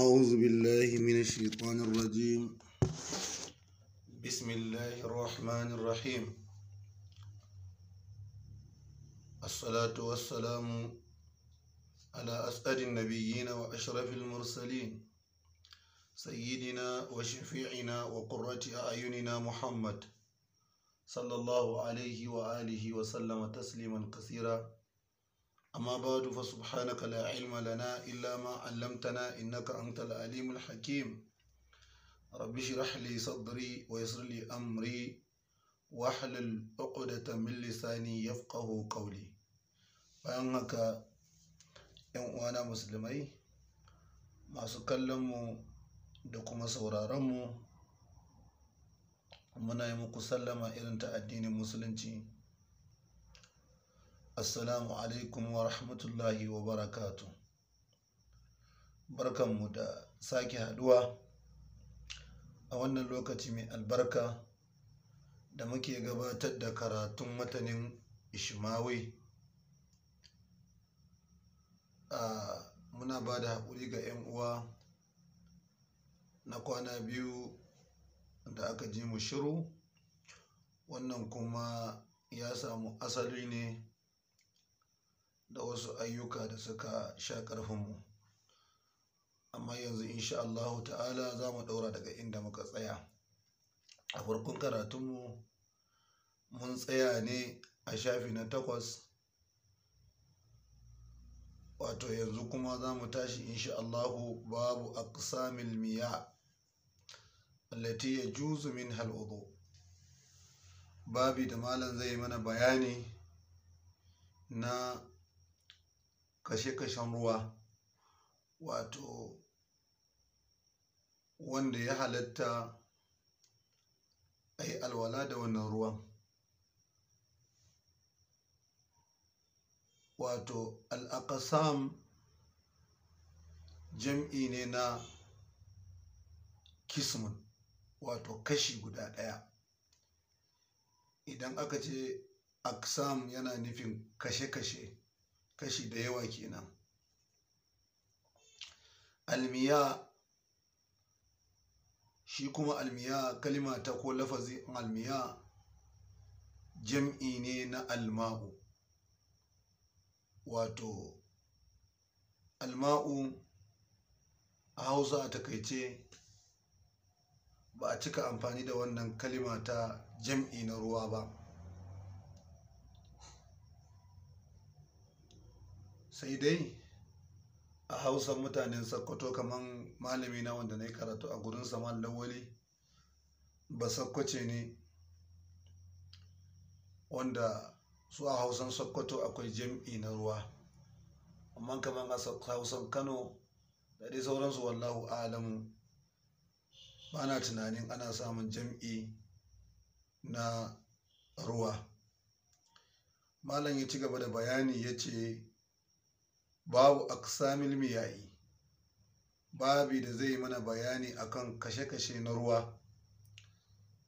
أعوذ بالله من الشيطان الرجيم بسم الله الرحمن الرحيم الصلاة والسلام على أسعد النبيين وأشرف المرسلين سيدنا وشفيعنا وقرة أعيننا محمد صلى الله عليه وآله وسلم تسليما كثيرا أما بعد فسبحانك لا علم لنا إلا ما علمتنا إنك أنت العليم الحكيم رب اشرح لي صدري ويسر لي أمري واحلل عقدة من لساني يفقه قولي bayan haka yan uwana musulmai masu kallonmu da kuma sauraronmu muna yi muku sallama irin ta addinin musulunci assalamu alaikum wa rahmatullahi wa barakatu barkanmu da sake haduwa a wannan lokaci mai albarka da muke gabatar da karatun matanin ishmawi muna ba da haƙuri ga 'yan uwa na kwana biyu da aka ji mu shiru wannan kuma ya samu asali ne da wasu ayyuka da suka sha ƙarfinmu amma yanzu insha Allahu ta'ala za mu ɗaura daga inda muka tsaya a farkon karatunmu mun tsaya ne a shafi na takwas wato yanzu kuma za mu tashi insha Allahu babu aqsamil miya allati yajuzu min halwudu babi da malam zai mana bayani na kashe-kashen ruwa wato wanda ya halatta a yi alwala da wannan ruwan wato al'akasam jam'i ne na kismun wato kashi guda ɗaya idan aka ce aksam yana nufin kashe-kashe kashi da yawa kenan almiya shi kuma almiya kalima ta ko lafazi almiya jam'i ne na alma'u wato alma'u a hausa a takaice ba a cika amfani da wannan kalima ta jam'i na ruwa ba sai dai a hausa mutanen sakkwato kamar malami na wanda na yi karatu a gurin saman lawali ba sakkwace ne wanda su a hausan sakkwato akwai jam'i na ruwa amma kamar a hausan kano da dai sauransu wallahu alamu ba na tunanin ana samun jam'i na ruwa malam ya ci gaba da bayani ya ce babu aksamil miyayi Babu da zai mana bayani akan kashe-kashe na ruwa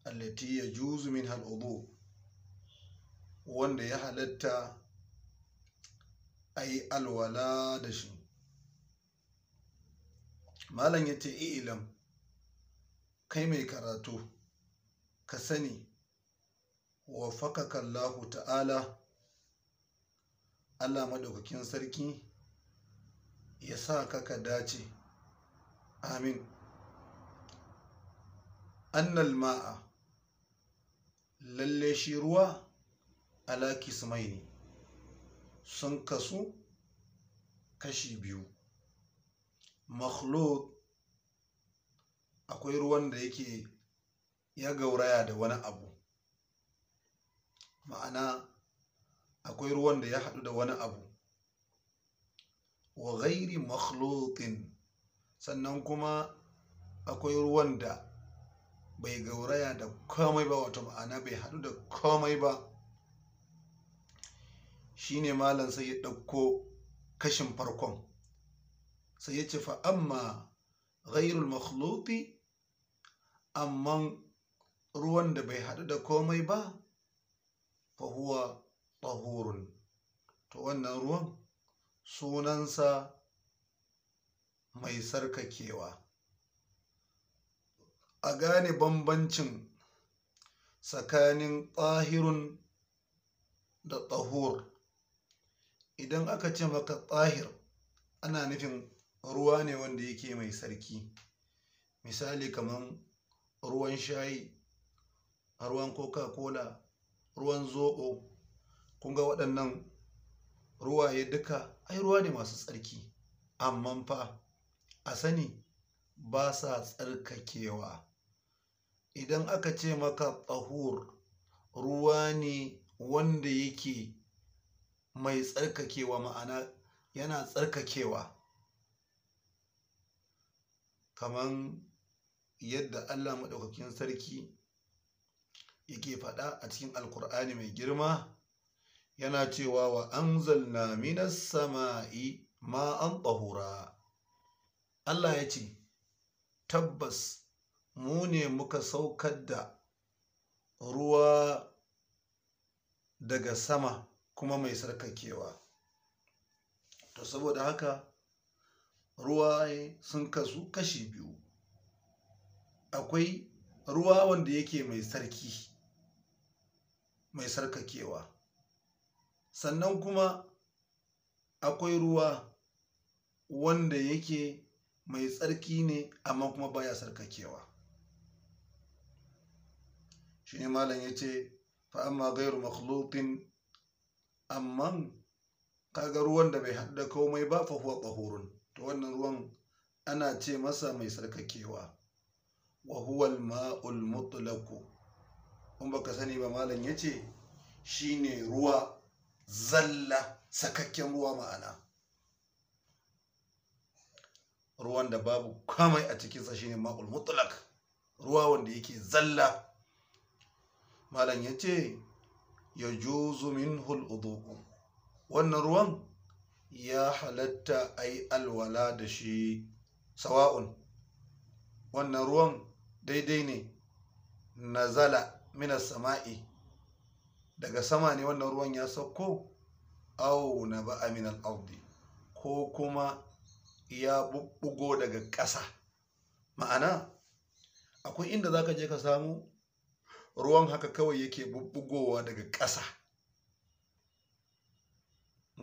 allati ya juzu min hal'udu wanda ya halatta a yi alwala da shi malam ya ce ilam kai mai karatu ka sani wa fakakallahu ta'ala allah maɗaukakin sarki ya sa ka dace amin annal ma'a lalle shi ruwa ala ne sun kasu kashi biyu makhluk akwai ruwan da yake ya gauraya da wani abu ma'ana akwai ruwan da ya haɗu da wani abu wa ghairi makhlutin sannan kuma akwai ruwan da bai gauraya da komai ba wato ma'ana bai haɗu da komai ba shine malam sai ya ɗauko kashin farkon sai ya ce fa amma ghairul makhluti amman ruwan da bai haɗu da komai ba fa huwa tahurun to wannan ruwan sunansa mai sarkakewa a gane bambancin tsakanin tsahirun da tsahur idan aka ce maka tsahir ana nufin ruwa ne wanda yake mai sarki misali kamar ruwan shayi ruwan coca-cola ruwan zoɓo kunga waɗannan ruwaye duka ai ruwa ne masu tsarki amma fa a sani ba sa tsarkakewa idan aka ce maka tsahur ruwa ne wanda yake mai tsarkakewa ma'ana yana tsarkakewa kaman yadda allah maɗaukakin sarki yake faɗa a cikin alkur'ani mai girma yana cewa wa anzalna minas sama'i ma an ɓahura Allah ya ce tabbas mu ne muka saukar da ruwa daga sama kuma mai sarkakewa to saboda haka ruwa sun kasu kashi biyu akwai ruwa wanda yake mai sarki mai sarkakewa sannan kuma akwai ruwa wanda yake mai tsarki ne amma kuma baya sarkakewa shi ne malam ya ce fa'amma gairu makhlutin amman kaga ruwan da bai haɗa komai ba fahuwa huwa to wannan ruwan ana ce masa mai sarkakewa wa huwal ma'ul mutulaku in baka sani ba malam ya ce Shi ne ruwa zalla sakakken ruwa ma'ana ruwan da babu kamai a cikinsa shine ma'ul mutlak ruwa wanda yake zalla malam ya ce ya juzu min hul'udu wannan ruwan ya halatta a yi alwala da shi sawa'un wannan ruwan daidai ne Na zala minas sama'i daga sama ne wannan ruwan ya sauko au na ba aminal audi ko kuma ya buɓugo daga ƙasa ma'ana akwai inda za ka je ka samu ruwan haka kawai yake buɓugowa daga ƙasa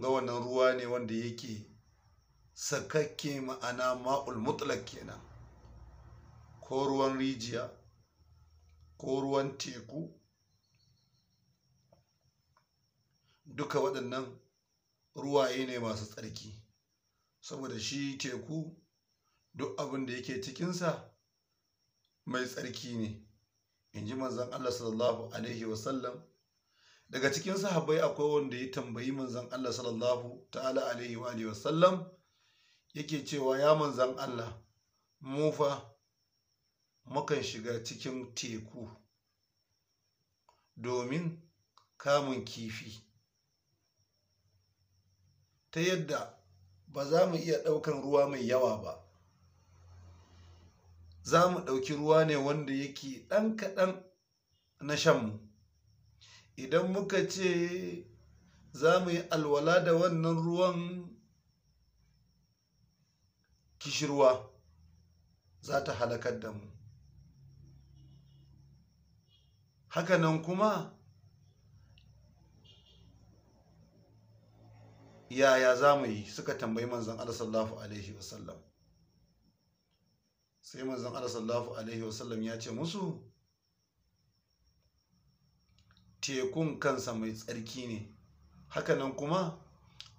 ga wannan ruwa ne wanda yake sakakke ma'ana ma'ul mutlak kenan ko ruwan rijiya ko ruwan teku duka waɗannan ruwaye ne masu tsarki saboda shi teku duk abin da yake cikinsa mai tsarki ne in ji manzan Allah sallallahu alaihi wasallam daga cikin sahabbai akwai wanda ya tambayi manzan Allah sallallahu ta'ala alaihi wa wasallam yake cewa ya manzan Allah mu fa mukan shiga cikin teku domin kamun kifi ta yadda ba za mu iya ɗaukan ruwa mai yawa ba za mu ɗauki ruwa ne wanda yake ɗan kaɗan na shan mu, idan muka ce za mu yi alwala da wannan ruwan kishirwa za ta halakar da mu hakanan kuma yaya za mu yi suka tambayi manzon Allah sallallahu alaihi wasallam sai manzon Allah sallallahu alaihi wasallam ya ce musu tekun kansa mai tsarki ne hakanan kuma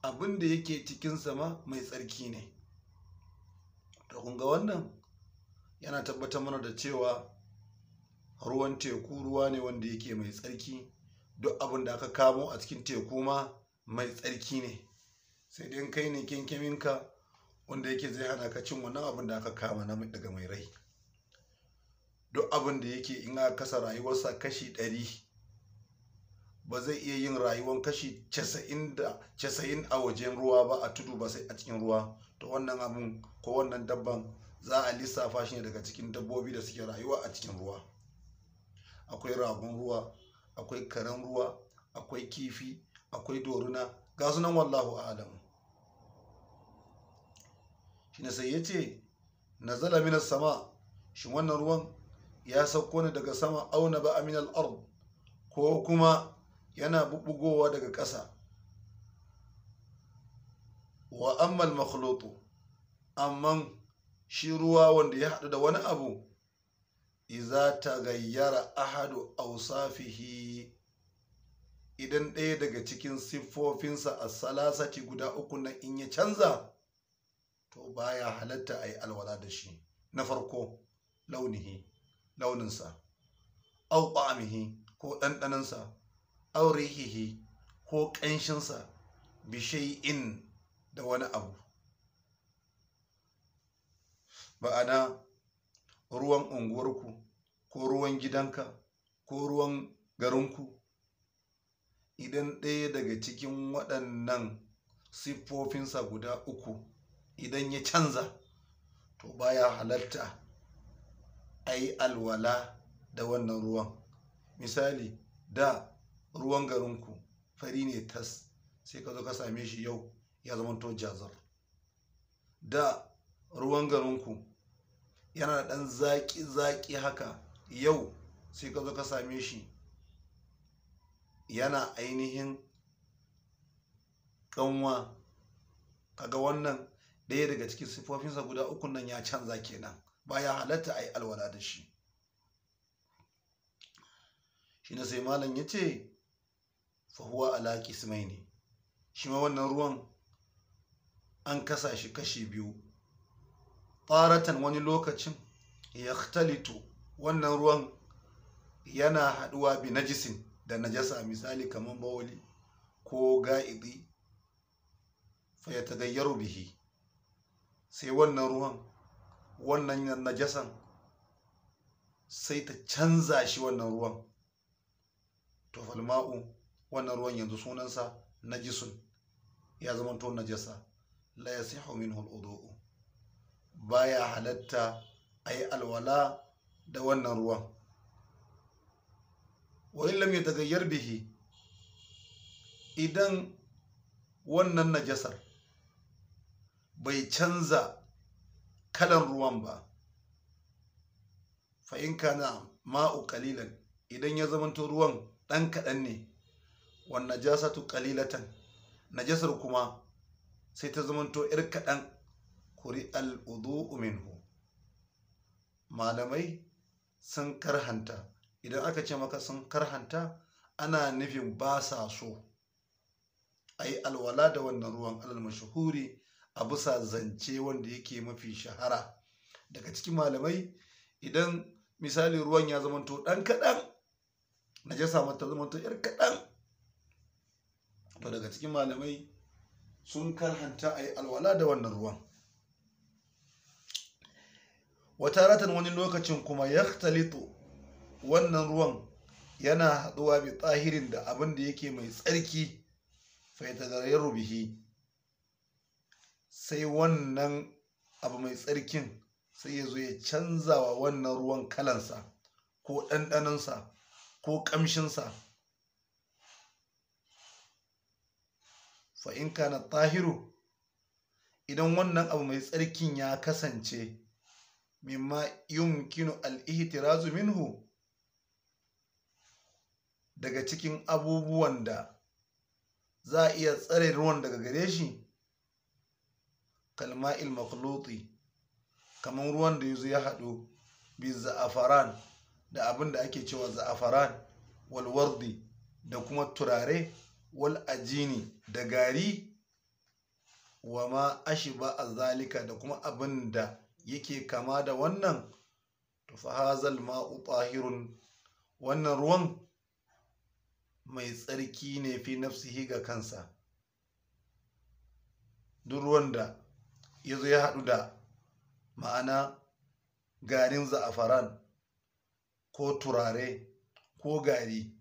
abin da yake cikinsa ma mai tsarki ne to kun ga wannan yana tabbatar mana da cewa ruwan teku ruwa ne wanda yake mai tsarki duk abin da aka kamo a cikin teku ma mai tsarki ne sai dai kai ne kinkiminka wanda yake zai hana ka cin wannan abin da aka kama na daga mai rai duk abin da yake in aka kasa rayuwarsa kashi ɗari ba zai iya yin rayuwar kashi casa'in a wajen ruwa ba a tudu ba sai a cikin ruwa to wannan abin ko wannan dabban za a lissafa shi ne daga cikin dabbobi da suke rayuwa a cikin ruwa akwai ragon ruwa akwai karen ruwa akwai kifi akwai doruna ga sunan wallahu alam shine sai yace nazala minas sama shin wannan ruwan ya sauko ne daga sama auna ba aminal ard ko kuma yana bubugowa daga ƙasa wa ammal makhluto amman shi ruwa wanda ya haɗu da wani abu iza ta gayyara ahadu ausafihi idan ɗaya daga cikin siffofinsa a salasati guda uku na in ya canza to baya halatta a yi alwala da shi na farko launihi launinsa au ƙwamihi ko ɗanɗaninsa au rihihi ko ƙanshinsa bishai'in da wani abu ba'ana ruwan unguwarku ko ruwan gidanka ko ruwan garinku idan ɗaya daga cikin waɗannan siffofinsa guda uku idan ya canza to baya halatta a yi alwala da wannan ruwan misali da ruwan garinku fari ne tas sai ka zo ka same shi yau ya zama to jazar da ruwan garinku yana da ɗan zaƙi-zaƙi haka yau sai ka zo ka same shi yana ainihin ƙanwa kaga wannan ɗaya daga cikin siffofinsa guda ukun nan ya canza kenan baya halatta a yi alwala da shi shi na sai malam ya ce fahuwa alaƙi mai ne shi ma wannan ruwan an kasa shi kashi biyu ɓaratan wani lokacin ya wannan ruwan yana haɗuwa bi najisin da najasa misali kamar bawali ko ga'idi fa ya bihi sai wannan ruwan wannan najasan sai ta canza shi wannan ruwan to falma'u wannan ruwan yanzu sunansa na najisun ya zama to najasa la yasihu minhu al Ba ya halatta a yi alwala da wannan ruwan Wani in daga yarbihi. bihi idan wannan najasar bai canza kalan ruwan ba fa'in na ma'u kalilan idan ya zamanto ruwan ɗan kaɗan ne wannan jasatu kalilatan najasar kuma sai ta zamanto 'yar kaɗan kuri al'udu minhu malamai sun karhanta idan aka ce maka sun karhanta ana nufin ba sa so a yi alwala da wannan ruwan alal mashahuri a bisa zance wanda yake mafi shahara daga cikin malamai idan misali ruwan ya zamanto ɗan kaɗan najasa mata zamanto yar kaɗan to daga cikin malamai sun karhanta a yi alwala da wannan ruwan wata ratan wani lokacin kuma ya wannan ruwan yana haɗuwa bi tsahirin da abinda yake mai tsarki ta da rubihi sai wannan abu mai tsarkin sai ya zo ya canza wa wannan ruwan kalansa ko ɗanɗanonsa ko ƙamshinsa fa'in na tahiru idan wannan abu mai tsarkin ya kasance mimma yumkinu al'ihtirazu minhu daga cikin abubuwan da za a iya tsare ruwan daga gare shi kalma'il makhluti kamar ruwan da yazo ya haɗu bi za'afaran da abin da ake cewa za'afaran walwardi da kuma turare wal ajini da gari wa ma a azalika da kuma abin da yake kama da wannan tufahazal fa ma'u wannan ruwan mai tsarki ne fi nafsihi ga kansa duk ruwan da ya zo ya haɗu da ma'ana garin za'afaran ko turare ko gari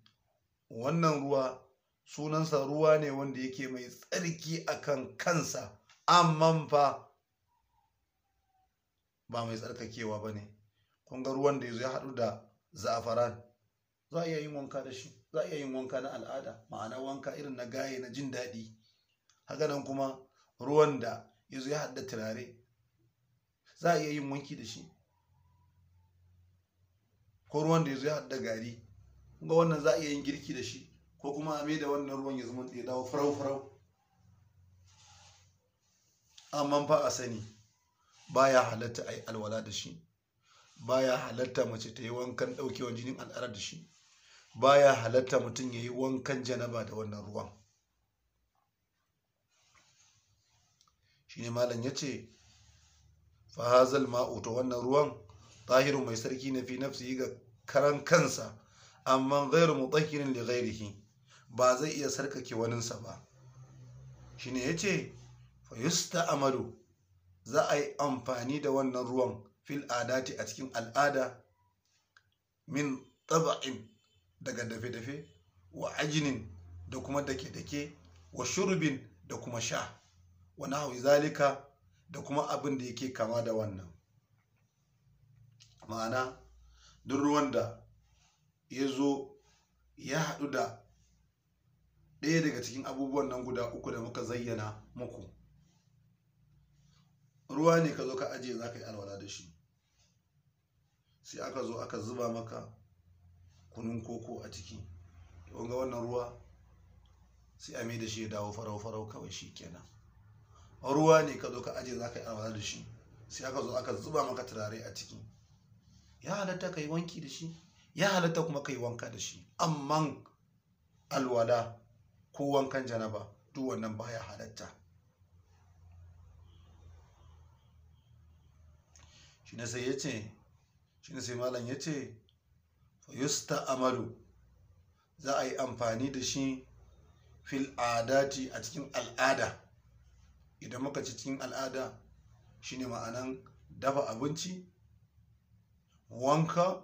wannan ruwa sunansa ruwa ne wanda yake mai tsarki akan kansa amman fa ba mai tsarkakewa ba ne kunga ruwan da ya ya haɗu da za'afaran za a wanka da shi za a iya yin wanka na al'ada ma'ana wanka irin na gaye na jin daɗi hakanan kuma ruwan da ya zo ya hadda turare za a iya yin wanki da shi ko ruwan da ya zo ya hadda gari ga wannan za a iya yin girki da shi ko kuma a da wannan ruwan ya zama ya dawo farau-farau amma fa a sani ba ya halatta a yi alwala da shi ba ya halatta mace ta yi wankan daukewan jinin al'ada da shi ba ya halatta mutum ya yi wankan janaba da wannan ruwan shine malam yace fa hazal ma'u wannan ruwan tahiru mai sarki na fi nafsihi ga karan kansa amma ghairu mutahhirin li ghairihi ba zai iya sarkake waninsa ba shine yace fa yusta'malu za a yi amfani da wannan ruwan fil adati a cikin al'ada min taba'in daga dafe-dafe wa ajinin da kuma dake-dake wa shurbin da kuma sha Wani hau zalika da kuma abin da yake kama da wannan ma'ana duk ruwan da ya zo ya haɗu da ɗaya daga cikin abubuwan nan guda uku da muka zayyana muku ruwa ne ka zo ka ajiye za ka yi alwala da shi sai aka zo aka zuba maka kunun koko a ciki ga wannan ruwa sai a mai da shi ya dawo farau-farau kawai shi kenan ruwa ne ka zo ka aje za ka yi amfani da shi sai aka zo aka zuba maka turare a ciki ya halatta ka yi wanki da shi ya halatta kuma ka yi wanka da shi amma alwala ko wankan janaba duk wannan ba halatta shi sai ya ce shi na sai malam ya ce yusta amalu za a yi amfani da shi fil adati a cikin al'ada idan muka ci cikin al'ada shine ma'anan dafa abinci wanka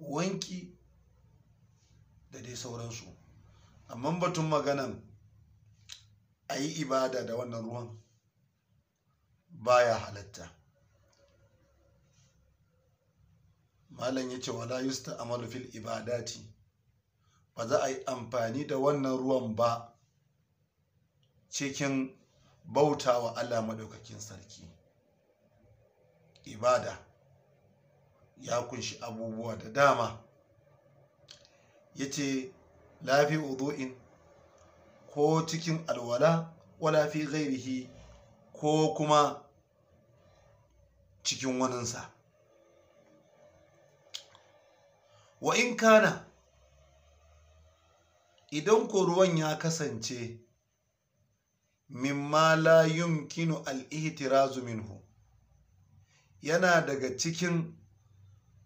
wanki da dai sauransu amma batun maganan a yi ibada da wannan ruwan baya halatta malam ya ce wa layusta amalu fil ibadati ba za a yi amfani da wannan ruwan ba cikin bauta wa Allah maɗaukakin sarki ibada ya kunshi abubuwa da dama ya ce lafi udu'in ko cikin alwala wala fi ghairihi ko kuma cikin waninsa wa in kana idan ko ruwan ya kasance mimma la yumkinu al-ihtirazu minhu yana daga cikin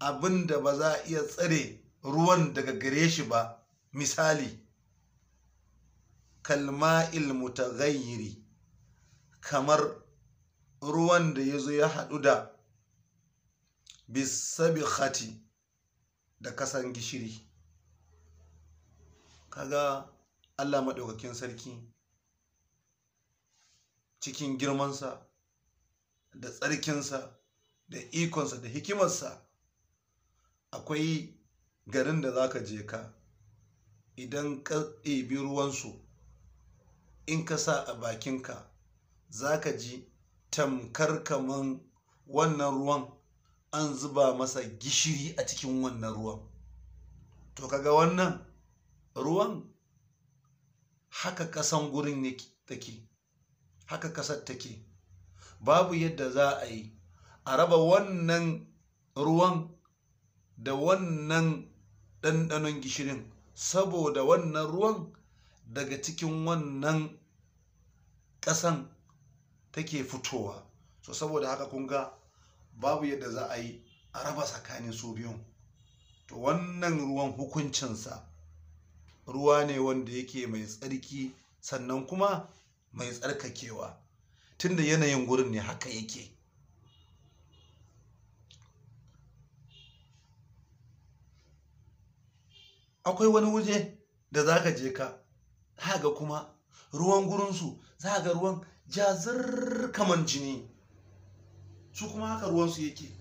abin da ba za a iya tsare ruwan daga gare shi ba misali kalma'il mutaghayyiri kamar ruwan da ya zo ya haɗu da khati da kasan gishiri kaga Allah maɗaukakin sarki cikin girmansa da tsarkinsa da ikonsa da hikimarsa akwai garin da za ka je ka idan ka ɗebi ruwansu in ka sa a bakinka za ka ji tamkar kaman wannan ruwan an zuba masa gishiri a cikin wannan ruwan to kaga wannan ruwan haka kasan gurin take haka kasar take babu yadda za a yi a raba wannan ruwan da wannan ɗanɗanon gishirin saboda wannan ruwan daga cikin wannan ƙasan take fitowa so saboda haka kun ga babu yadda za a yi a raba tsakanin su biyun to wannan ruwan hukuncinsa ruwa ne wanda yake mai tsarki sannan kuma mai tsarkakewa tunda yanayin gurin ne haka yake akwai wani waje da za ka je ka haga kuma ruwan gurinsu za ga ruwan jazir kaman jini su kuma haka ruwansu yake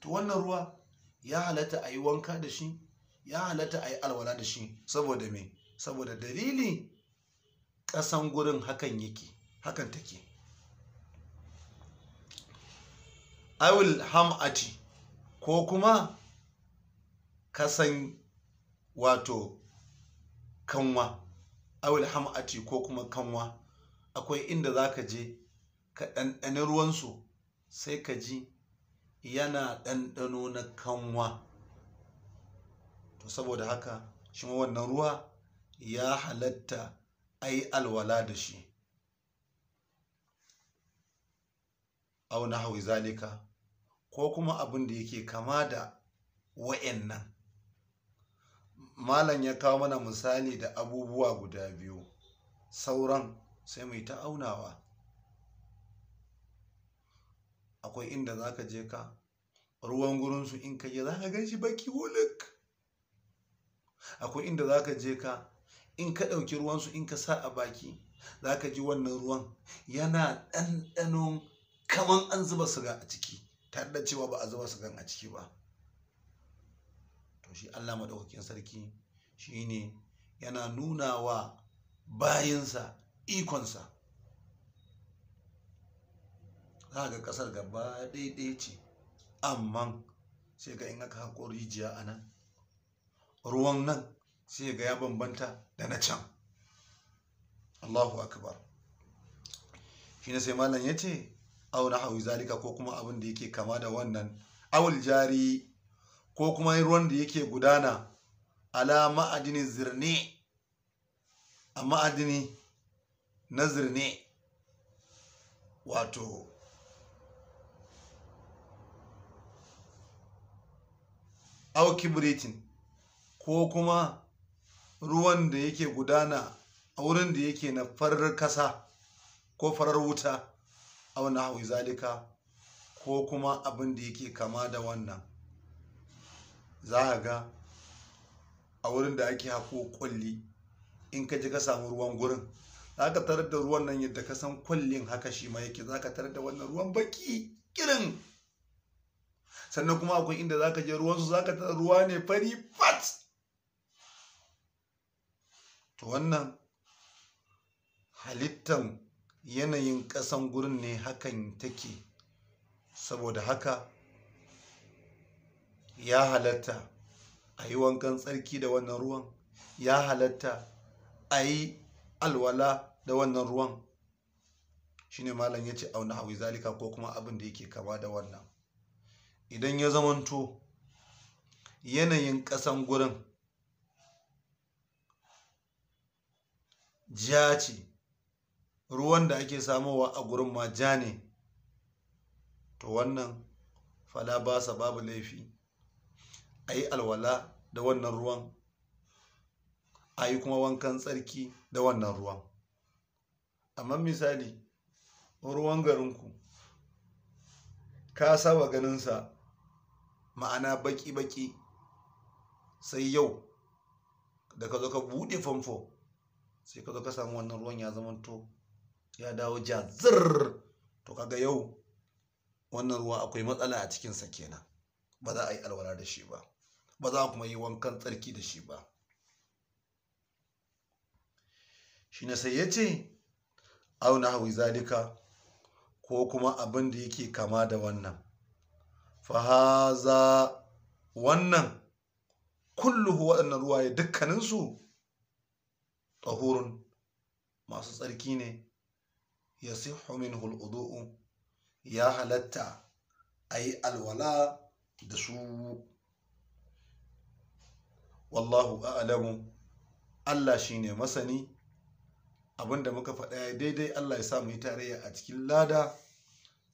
to wannan ruwa ya halatta a yi wanka da shi ya halatta a yi alwala da shi saboda me saboda dalili ƙasan gurin hakan yake hakan take awil ham'ati ko kuma kasan wato kanwa awil ham'ati ko kuma kanwa akwai inda za ka je ka ɗanɗani ruwansu sai ka ji yana ɗanɗano na kanwa to saboda haka shi wannan ruwa ya halatta a alwala da shi Auna na hawi zalika ko kuma abin da yake kama da wa'annan malam ya kawo mana misali da abubuwa guda biyu sauran sai mai ta aunawa akwai inda za ka je ka ruwan gurinsu in ka za ka gan baki wulik akwai inda za ka je ka in ka ɗauki ruwansu in ka sa a baki za ka ji wannan ruwan yana ɗanɗanon kamar an zuba siga a ciki tare da cewa ba a zuba sugan a ciki ba to shi allah maɗaukakin sarki shi ne yana nuna wa bayansa ikonsa za ga ƙasar gaba ɗaya ce amma sai ga in aka haƙo rijiya a nan ruwan nan sai ga ya bambanta da na can Allahu akbar na sai malam yace aw na hawi zalika ko kuma abin da yake kama da wannan awul jari ko kuma ruwan da yake gudana ala ma'adini zirne a ma'adini na zirne wato aw biritin ko kuma ruwan da yake gudana a wurin da yake na farar kasa ko farar wuta a wani hawi zalika ko kuma abin da yake kama da wannan za a ga a wurin da ake hako kwalli in ka ji ka samu ruwan gurin za ka tarar da ruwan nan yadda ka san kwallin haka shi ma yake za ka tarar da wannan ruwan baki kirin sannan kuma akwai inda za ka je ruwansu za ka tarar ruwa ne fari fat wannan halittan yanayin ƙasan gurin ne hakan take saboda haka ya halatta a yi wankan tsarki da wannan ruwan ya halatta a yi alwala da wannan ruwan Shi ne malam ya ce auna hawi zalika ko kuma abin da yake kama da wannan idan ya zamanto yanayin ƙasan gurin jiya ce ruwan da ake samowa a gurin ma ja ne to wannan fala ba sa babu laifi a yi alwala da wannan ruwan a yi kuma wankan tsarki da wannan ruwan amma misali ruwan garinku ka saba ganinsa ma'ana baki-baki sai yau da ka zo ka buɗe famfo sai ka zo ka samu wannan ruwan ya to ya dawo ja zirr to kaga yau wannan ruwa akwai matsala a cikinsa kenan ba za a yi alwala da shi ba ba za a kuma yi wankan tsarki da shi ba shi na sai ya ce auna hawi zalika ko kuma abin da yake kama da wannan fahaza wannan kullu waɗannan ruwaye dukkaninsu tahurun masu tsarki ne ya sihhu homin alwudu ya halatta a yi alwala da su wallahu a'lamu Allah shi ne masani abinda muka faɗa ya daidai Allah ya samu yi tarayya a cikin lada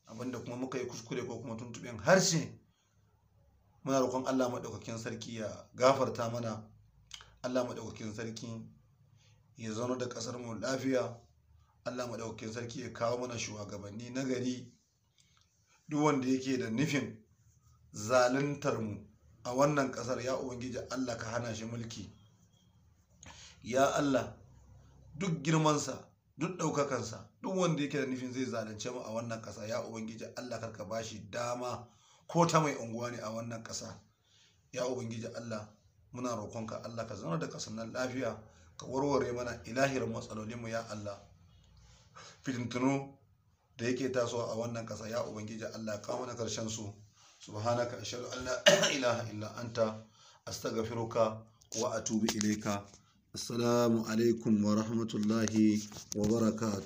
abinda kuma muka yi kuskure ko kuma tuntuɓin harshe muna roƙon Allah maɗaukakin sarki ya gafarta mana Allah maɗaukakin sarki ya zauna da kasar mu lafiya allah maɗaukakin sarki ya kawo mana shugabanni na gari duk wanda yake da nufin zaluntar mu a wannan ƙasar ya ubangiji allah ka hana shi mulki ya allah duk girmansa duk ɗaukakansa duk wanda yake da nufin zai zalunce mu a wannan kasa ya ubangiji allah karka ba shi dama ko ta mai unguwa ne a wannan kasa ya ubangiji allah muna roƙonka allah ka zauna da ƙasar nan lafiya ka warware mana ilahir matsalolinmu ya Allah fitintunu da yake tasowa a wannan ƙasa ya ubangiji Allah ka mana karshen su subhanaka ashhadu an la ilaha illa anta astaghfiruka wa atubu ilaika assalamu alaikum wa rahmatullahi wa